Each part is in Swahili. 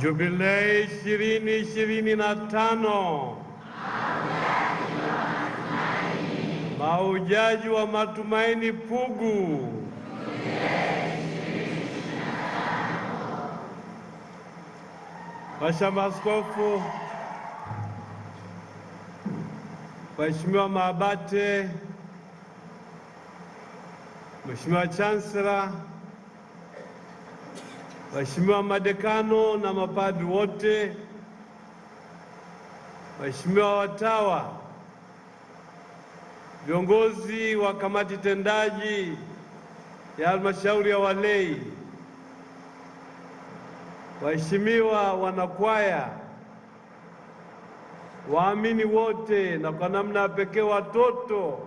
Jubilei ishirini ishirini na tano wa matumaini Pugu. Washamaskofu, waheshimiwa maabate, Mheshimiwa Chancellor Waheshimiwa madekano na mapadri wote, waheshimiwa watawa, viongozi wa kamati tendaji ya halmashauri ya walei, waheshimiwa wanakwaya, waamini wote, na kwa namna ya pekee watoto,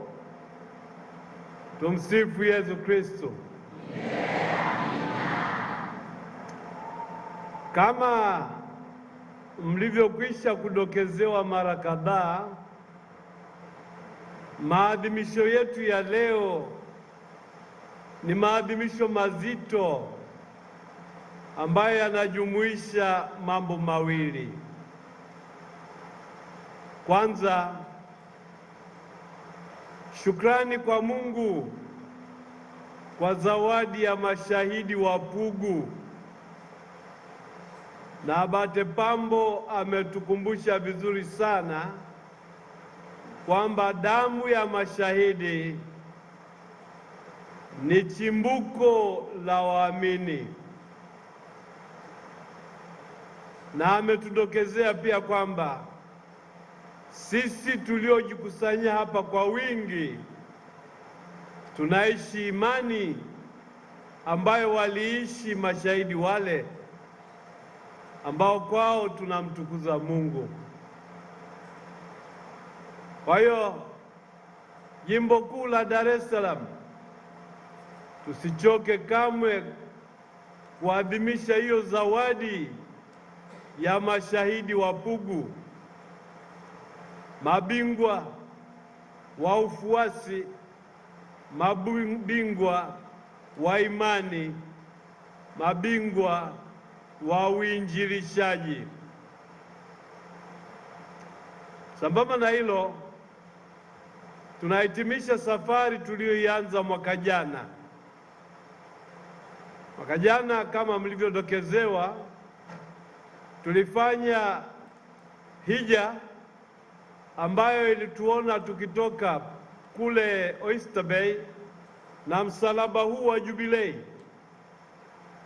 tumsifu Yesu Kristo. Yeah. Kama mlivyokwisha kudokezewa mara kadhaa, maadhimisho yetu ya leo ni maadhimisho mazito ambayo yanajumuisha mambo mawili. Kwanza, shukrani kwa Mungu kwa zawadi ya mashahidi wa Pugu na Bate Pambo ametukumbusha vizuri sana kwamba damu ya mashahidi ni chimbuko la waamini, na ametudokezea pia kwamba sisi tuliojikusanya hapa kwa wingi tunaishi imani ambayo waliishi mashahidi wale ambao kwao tunamtukuza Mungu. Kwa hiyo jimbo kuu la Dar es Salaam, tusichoke kamwe kuadhimisha hiyo zawadi ya mashahidi wa Pugu, mabingwa wa ufuasi, mabingwa wa imani, mabingwa wa uinjilishaji. Sambamba na hilo, tunahitimisha safari tuliyoianza mwaka jana. Mwaka jana kama mlivyodokezewa, tulifanya hija ambayo ilituona tukitoka kule Oyster Bay na msalaba huu wa Jubilei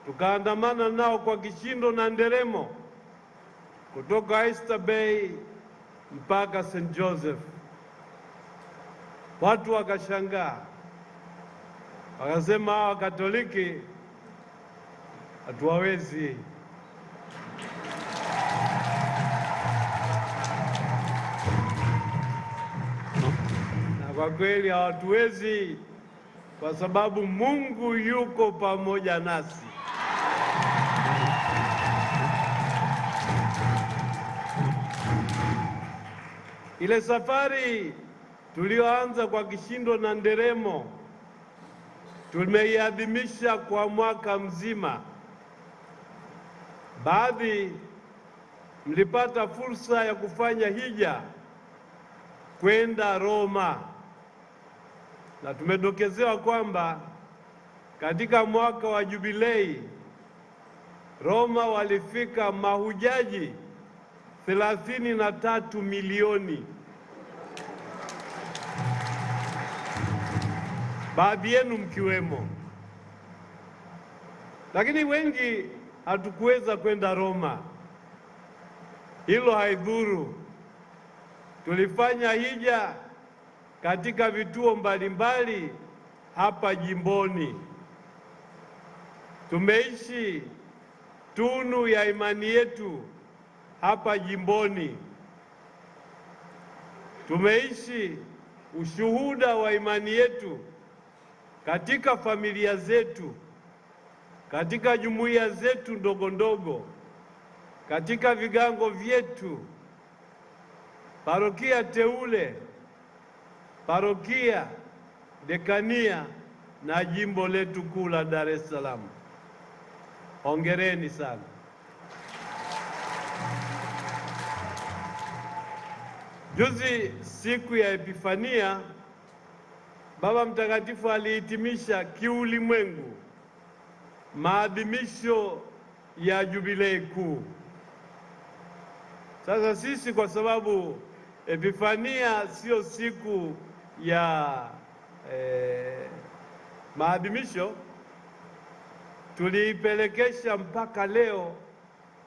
tukaandamana nao kwa kishindo na nderemo kutoka Oyster Bay mpaka St Joseph. Watu wakashangaa, wakasema hawa Katoliki hatuwawezi. Na kwa kweli hawatuwezi, kwa sababu Mungu yuko pamoja nasi. Ile safari tuliyoanza kwa kishindo na nderemo tumeiadhimisha kwa mwaka mzima. Baadhi mlipata fursa ya kufanya hija kwenda Roma, na tumedokezewa kwamba katika mwaka wa jubilei Roma walifika mahujaji thelathini na tatu milioni. Baadhi yenu mkiwemo, lakini wengi hatukuweza kwenda Roma. Hilo haidhuru, tulifanya hija katika vituo mbalimbali hapa jimboni. Tumeishi tunu ya imani yetu hapa jimboni. Tumeishi ushuhuda wa imani yetu katika familia zetu, katika jumuiya zetu ndogo ndogo, katika vigango vyetu, parokia teule, parokia dekania na jimbo letu kuu la Dar es Salaam. Hongereni sana. Juzi siku ya Epifania, Baba Mtakatifu alihitimisha kiulimwengu maadhimisho ya Jubilei kuu. Sasa sisi kwa sababu Epifania sio siku ya eh, maadhimisho, tuliipelekesha mpaka leo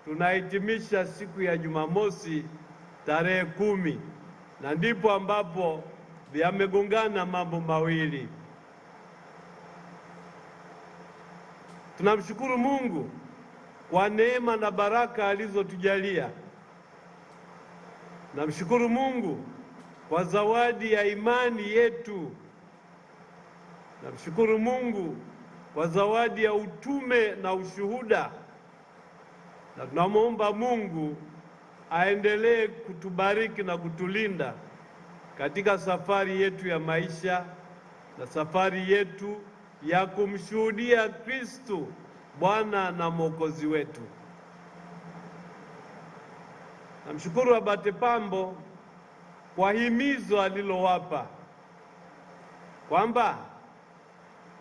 tunahitimisha siku ya Jumamosi tarehe kumi, na ndipo ambapo yamegongana mambo mawili. Tunamshukuru Mungu kwa neema na baraka alizotujalia. Namshukuru Mungu kwa zawadi ya imani yetu. Namshukuru Mungu kwa zawadi ya utume na ushuhuda, na tunamwomba Mungu aendelee kutubariki na kutulinda katika safari yetu ya maisha na safari yetu ya kumshuhudia Kristo Bwana na Mwokozi wetu. Namshukuru Abate Pambo kwa himizo alilowapa kwamba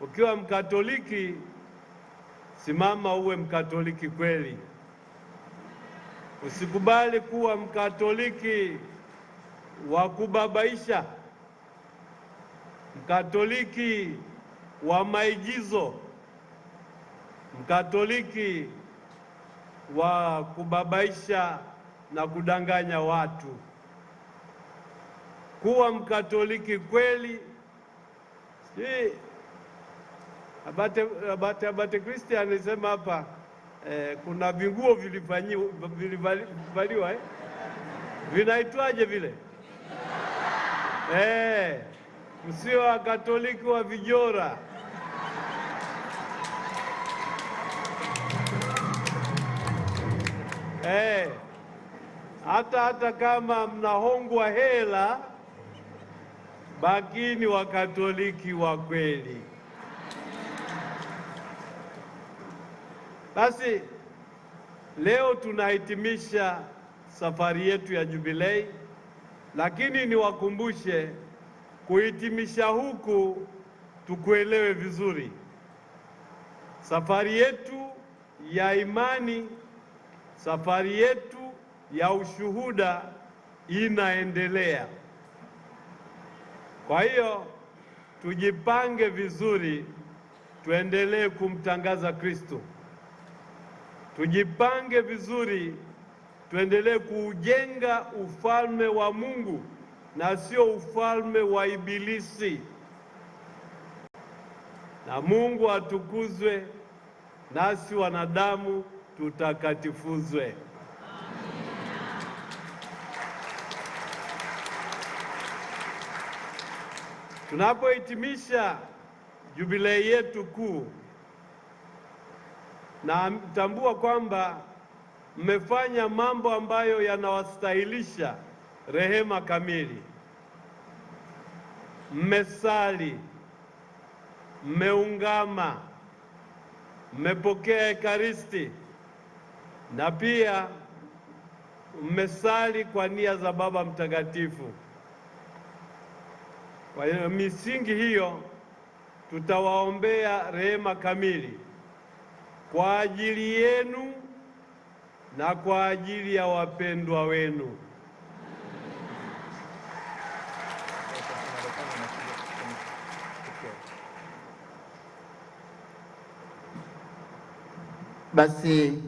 ukiwa Mkatoliki simama uwe Mkatoliki kweli. Usikubali kuwa mkatoliki wa kubabaisha, mkatoliki wa maigizo, mkatoliki wa kubabaisha na kudanganya watu. Kuwa mkatoliki kweli si abate, abate, abate Kristian alisema hapa eh, kuna vinguo vilivaliwa eh? vinaitwaje vile eh, msio wa Katoliki wa vijora eh, hata hata kama mnahongwa hela, bakini Wakatoliki wa kweli. Basi leo tunahitimisha safari yetu ya Jubilei, lakini niwakumbushe kuhitimisha huku tukuelewe vizuri. Safari yetu ya imani, safari yetu ya ushuhuda inaendelea. Kwa hiyo tujipange vizuri, tuendelee kumtangaza Kristo. Tujipange vizuri, tuendelee kuujenga ufalme wa Mungu na sio ufalme wa Ibilisi. Na Mungu atukuzwe, nasi wanadamu tutakatifuzwe. Tunapohitimisha jubilei yetu kuu na tambua kwamba mmefanya mambo ambayo yanawastahilisha rehema kamili. Mmesali, mmeungama, mmepokea Ekaristi na pia mmesali kwa nia za Baba Mtakatifu. Kwa misingi hiyo tutawaombea rehema kamili kwa ajili yenu na kwa ajili ya wapendwa wenu. Basi